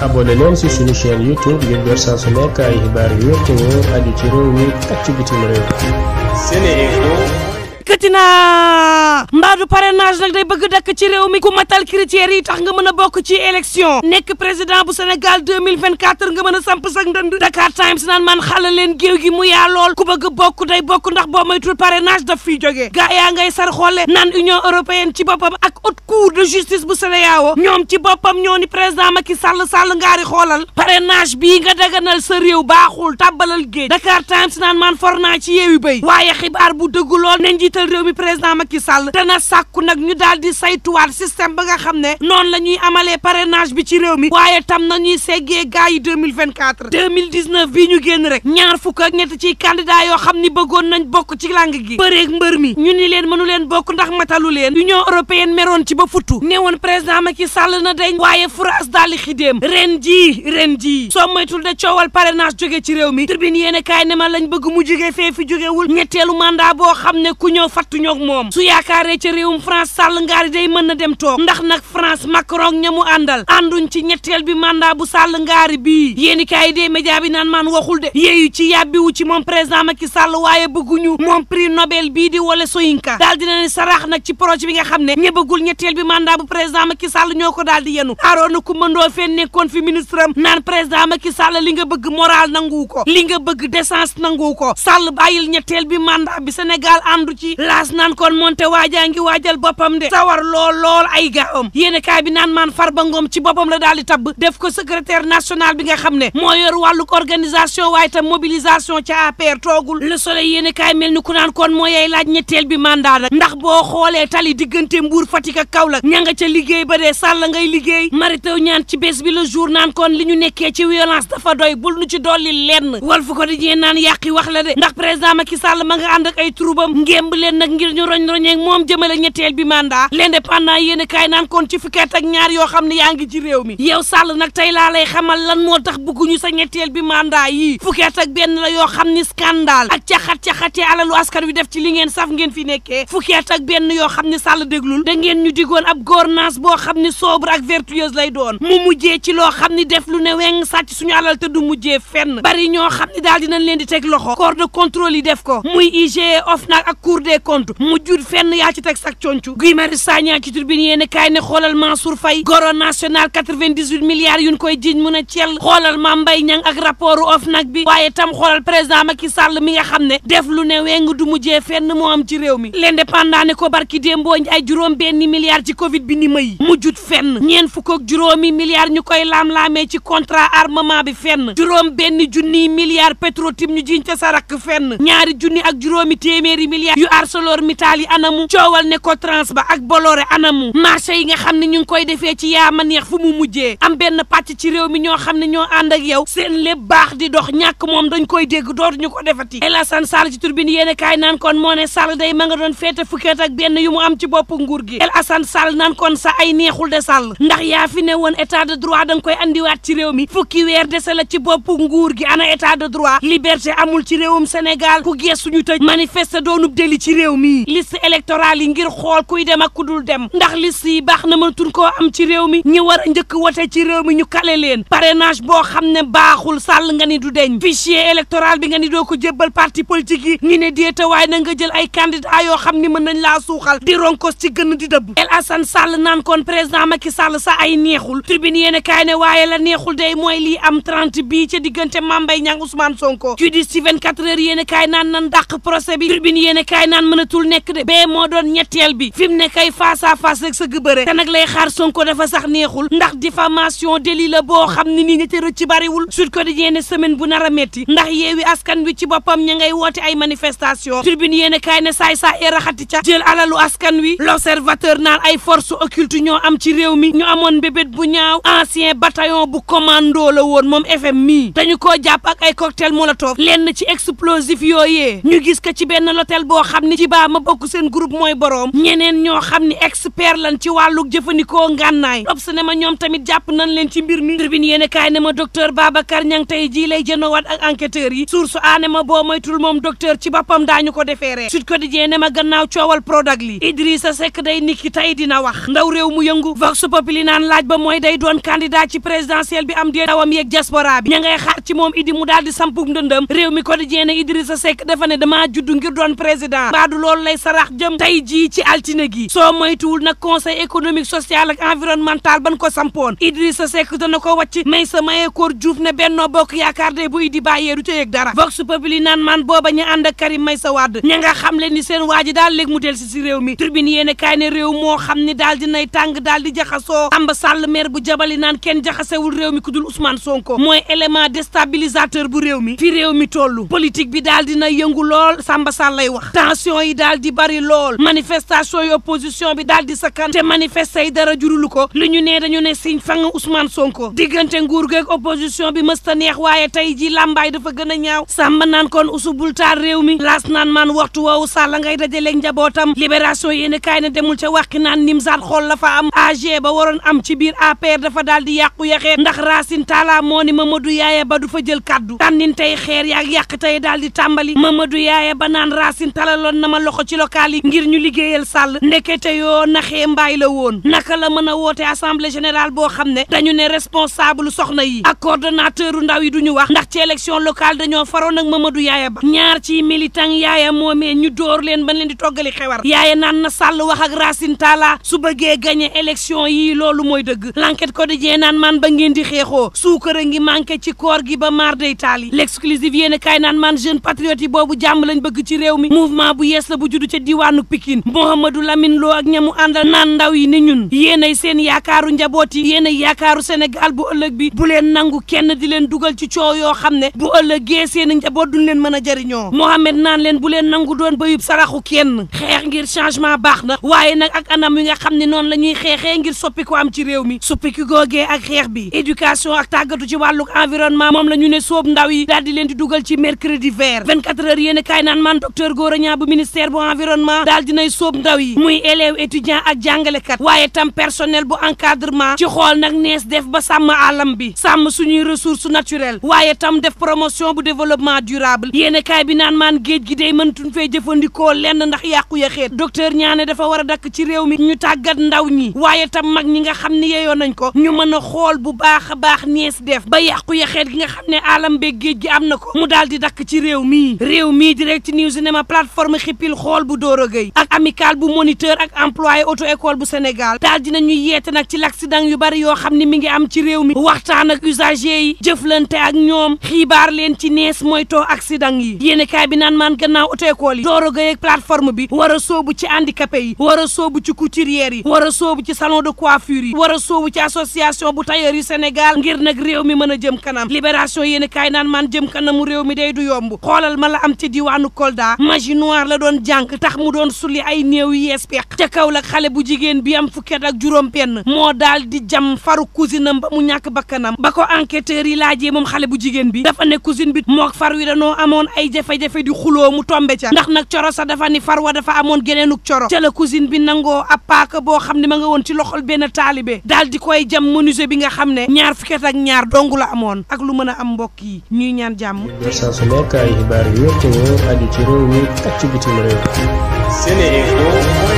abonné leen ci suñu chaîne YouTube ngir saa su ay xibaar yu wér te wóor aju ci réew mi yëkkati na mbaadu parrainage nag day bëgg dakk ci réew mi ku matal critères yi tax nga mën a bokk ci élection nekk président bu Sénégal 2024 nga mën a samp sax ndënd Dakar Times naan man xala leen géew gi mu yaa lool ku bëgg bokk day bokk ndax boo moytul parrainage daf fiy jógee gaa yaa ngay sar xoole naan Union européenne ci boppam ak haute cour de justice bu CEDEAO ñoom ci boppam ñoo ni président Macky Sall Sall ngaari xoolal parrainage bi nga daganal sa réew baaxul tàbbalal géej Dakar Times naan man for naa ci yeewi béy waaye njiital réew mi président Macky Sall dana sàkku nag ñu daal di saytuwaat système ba nga xam ne noonu la ñuy amalee parrainage bi ci réew mi waaye tam nañuy seggee gars yi 2024 2019 bii ñu génn rek ñaar fukk ak ñett ci candidat yoo xam ni bëggoon nañ bokk ci làng gi bëreeg mbër mi ñu ni leen mënu leen bokk ndax matalu leen union européenne meroon ci ba futtu ne woon président Macky Sall na dañ waaye France daal di xidéem ren jii ren jii soo moytul de coowal parrainage jóge ci réew mi tribune yéen kaay ne ma lañ bëgg mu jóge fi jógewul ñetteelu mandat boo xam ne ku ñëw fattuñook moom su yaakaaree ca réewum France Sall ngaari day mën na dem toog ndax nag France Macron ña mu àndal ànduñ ci ñetteel bi mandat bu Sall ngaari bii yéeni kaay dee média bi naan maan waxul de yeeyu ci yàbbiwu ci moom président Macky Sall waaye bëgguñu moom prix Nobel bii di wala Soyinka daal dina ne saraax nag ci projet bi nga xam ne ña ñetteel bi mandat bu président Macky Sall ñoo ko daal di yenu Arona Coumba Ndoffène nekkoon fi ministre am naan président Macky Sall li nga bëgg moral nangu ko li nga bëgg décence nangu ko Sall bàyyil ñetteel bi mandat bi Sénégal àndu ci laas naan kon moonte waajaa ngi waajal boppam de sawar lool lool ay gaawam yéene kaay bi naan maan Farba Ngom ci boppam la daal di tabb def ko secrétaire national bi nga xam ne moo yor wàlluk organisation waaye tam mobilisation ci APR toogul Le Soleil yéene kaay mel ni ku naan kon moo yay laaj ñetteel bi mandat nag ndax boo xoolee tali diggante Mbuur fati ka Kaolack ña nga ca liggéey ba dee sàll ngay liggéey maritaw ñaan ci bés bi le jour naan kon li ñu nekkee ci violence dafa doy bul nu ci dolli lenn Walf Quotidien naan yàqi wax la de ndax président Macky ma nga ànd ak ay troubam nag ngir ñu roñ roñeeg moom jëmale ñetteel bi mandat l'indépendant yéen kaay naan kon ci fukki at ak ñaar yoo xam ne yaa ngi ci réew mi yow Sall nag tey laa lay xamal lan moo tax bëgguñu sa ñetteel bi mandat yi fukki at ak benn la yoo xam ni scandale ak caxat-caxatee alalu askan wi def ci li ngeen saf ngeen fi nekkee fukki at benn yoo xam ne Sall déglul da ngeen ñu digoon ab gouvernance boo xam ne sobre ak vertueuse lay doon mu mujjee ci loo xam ni def lu ne weng sàcc suñu alal te du mujjee fenn bari ñoo xam ne daal dinañ leen di teg loxo corps d contrôle yi def ko muy IGE OFNAC compte mu jur fenn yaa ci teg sak concu Guy Marius Sagna ci turbine yéen kaay ne xoolal Mansour Faye goro national 98 milliards yuñ koy jiiñ mun a ciel xoolal Mame Mbaye Niang ak rapport OFNAC bi waaye tam xoolal président Macky Sall mi nga xam ne def lu ne weng du mujjee fenn moo am ci réew mi l'indépendant ne ko barki démboo ay juróom benn milliards ci Covid bi ni may mujjut fenn ñeen fukk ak juróomi milliards ñu koy laam-laamee ci contrat armement bi fenn juróom benn junniy milliards Petro-Tim ñu ca sa rakk fenn ñaari junni ak juróomi téeméeri milliards yu ArcelorMittal yi anamu coowal ne ko trans ba ak Bolloré anamu marché yi nga xam ne ñu ngi koy defee ci yaa ma neex fu mu mujjee am benn pàcc ci réew mi ñoo xam ne ñoo ànd ak yow seen lépp baax di dox ñàkk moom dañ koy dégg dootuñu ko defati El Hassan sal ci turbine yéen a kaay naan kon moo ne Sall day ma nga doon feete fukki ak benn yu mu am ci bopp nguur gi El Hassan sal naan kon sa ay neexul de Sall ndax yaa fi ne woon état de droit da nga koy andiwaat ci réew mi fukki weer dese la ci bopp nguur gi ana état de droit liberté amul ci réewum Sénégal ku gees suñu tëj manifester doonub déli ci réew réew mi liste électorale yi ngir xool kuy dem ak ku dul dem ndax liste yi baax na mënatuñ koo am ci réew mi ñu war a njëkk wote ci réew mi ñu kale leen parrainage boo xam ne baaxul sàll nga ni du deñ fichier électoral bi nga ni doo ko jébbal parti politique yi ñu ne déetawaay na nga jël ay candidat yoo xam ni mën nañ laa suuxal di ronkos ci gën di dëbb El Hassan Sall naan kon président Macky Sall sa ay neexul tribune yéen kaay ne waaye la neexul dey mooy lii am 30 bii ca diggante Mame Mbaye Niang Ousmane Sonko judice ci 24 heures yéen kaay naan nan dàq mënatul nekk de bee moo doon ñetteel bi fi nekk ne kay face à face rek sa gëbëre te nag lay xaar Sonko dafa sax neexul ndax diffamation délit la boo xam ne nii ñi ci rëcc bariwul Sud Quotidien ne semaine bu nar a metti ndax yeewi askan wi ci boppam ña ngay woote ay manifestation Tribune yéen a kaay ne saay saay e raxati ca jël alalu askan wi l'observateur naan ay force occulte ñoo am ci réew mi ñu amoon bébét bu ñaaw ancien bataillon bu commando la woon moom FM mii dañu koo jàpp ak ay cocktail molotov lenn ci explosif yooyee ñu gis ko ci benn lotel boo ci baa ma bokk seen groupe mooy boroom ñeneen ñoo xam ni expert lan ci wàllu jëfandikoo ngànnaay obs ne ma ñoom tamit jàpp nañ leen ci mbir mi tribune yéen kaay ne ma docteur Babacar Niang tey jii lay jënoowaat ak enquêteurs yi source a ne ma boo moytul moom docteur ci boppam daañu ko defeeree Sud Quotidien ne ma gannaaw coowal Prodac li Idrissa sekk day niki tey dina wax ndaw réew mu yëngu Vox Populi naan laaj ba mooy day doon candidat ci présidentielle bi am dee dawam yeeg diaspora bi ña ngay ci moom idi mu daal di sampub ndëndëm réew mi Quotidien ne Idrissa Seck dafa ne damaa judd doon président kaddu loolu lay sarax jëm tey jii ci altine gi soo moytuwul nag conseil économique social ak environnemental ban ko sampoon Idrissa Seck dana ko wàcc may sa mayee koor Diouf ne Benno Bokk Yaakaar de bu Idi bàyyee du ca yëg dara Vox i naan man booba ñu ànd ak Karim may sa wàdd ña nga xam le ni seen waa daal léegi mu del si réew mi tribune yéen kaay ne réew moo xam ni daal dinay tàng daal di jaxasoo Samba Sall maire bu jabal i naan kenn jaxasewul réew mi ku dul Ousmane Sonko mooy élément déstabilisateur bu réew mi fi réew mi toll politique bi daal dina yëngu lool Samba Sall lay wax manifestation yi daal di bari lool manifestation yi opposition bi daal sa sakkan te manifester yi dara jurulu ko li ñu ne dañu ne siñ fang son Sonko diggante nguur geeg opposition bi mës ta neex waaye tey ji làmbaay dafa gën a ñaaw sàmba naan kon usubul taar réew mi laas naan maan waxtu woowu sàlla ngay dajaleeg njabootam libération yéen kaay na demul ca waxi naan nimsaat xool la fa am AG ba waroon am ci biir APR dafa daal di yàqu yaxee ndax Racine Talla moo ni Mamadou Yaaya ba du fa jël kaddu tànnin tey xeer yaag yàq tey daal di tàmbali Mamadou Yaaya ma loxo ci local yi ngir ñu liggéeyal Sall ndekete yoo naxee mbaay la woon naka la mën a woote assemblée général boo xam ne dañu ne responsable soxna yi ak coordonnateur ndaw yi duñu wax ndax ci élection locale dañoo faroon ak Mamadou Yaaya ba ñaar ci militant Yaaya moomee ñu door leen ban leen di toggali xewar Yaaya naan na Sall wax ak Racine Talla su bëggee gagné élection yi loolu mooy dëgg l'enquête quotidien naan man ba ngeen di xeexoo suukara ngi manqué ci koor gi ba maar yi l'exclusive yéen man jeune patriote yi boobu lañ bëgg ci réew mi mouvement yees la bu juddu ca diwaanu Pikine Mouhamadou Lamine Lo ak ñamu àndal naan ndaw yi ne ñun yéenay seen yaakaaru njaboot yi yéenay yaakaaru Sénégal bu ëllëg bi bu leen nangu kenn di leen dugal ci coow yoo xam ne bu gee seen njaboot duñ leen mën a jariñoo Mohamed naan leen bu leen nangu doon bayub saraxu kenn xeex ngir changement baax na waaye nag ak anam yi nga xam ne noonu la ñuy xeexee ngir soppi ko am ci réew mi soppi ki googee ak xeex bi éducation ak tàggatu ci wàllu environnement moom la ñu ne soob ndaw yi daal di leen di dugal ci mercredi vert 24 man docteur Gora Niang bu ministère bu environnement daal dinay ndaw yi muy élèves étudiants ak jàngalekat waaye tam personnel bu encadrement ci xool nag nees def ba sàmm àllam bi sàmm suñuy ressources naturel waaye tam def promotion bu développement durable yéen kaay bi naan maan géej gi day mëntuñ fay jëfandikoo lenn ndax yàqu ya xeet docteur ñaane dafa war a dakk ci réew mi ñu tàggat ndaw ñi waaye tam mag ñi nga xam ne yeyoo nañ ko ñu mën a xool bu baax a baax nees def ba yàqu ya xeet nga xam ne àllam beeg géej gi am na ko mu daal di dakk ci réew mii réew pile xool bu Doro Gueye amicale bu moniteur ak employé auto école bu Sénégal daal dinañu yeete nag ci l'accident yu bari yoo xam ne mi ngi am ci réew mi waxtaan ak usagers yi jëflante ak ñoom xibaar leen ci nees moytoo accident yi yéenekaay bi naan maan gannaaw auto école yi dooro gay ak plateforme bi war a soobu ci handicapé yi war a soobu ci couturière yi war soobu ci salon de coiffure yi war a soobu ci association bu tailleur yi Sénégal ngir nag réew mi mën a jëm kanam libération yéenekaay naan maan jëm kanamu réew mi day du yomb xoolal ma la am ci diwaanu Kolda magie noire la ay néew yees peq ca kaw Kaolack xale bu jigéen bi am fukki at ak juróom benn moo daal di jam faru cousinam ba mu ñàkk bakkanam ba ko enquêteurs yi laajee moom xale bu jigéen bi dafa ne cousine bi mook far wi danoo amoon ay jafe-jafe di xuloo mu tombe ca ndax nag coro sa dafa ni far wa dafa amoon geneenu coro ca la cousine bi nangoo ab paaka boo xam ne ma nga woon ci loxol benn taalibe daal di koy jam menuisier bi nga xam ne ñaar fukki at ak ñaar dong la amoon ak lu mën a am mbokk yi ñuy ñaan jàmm. saa Sénéinfo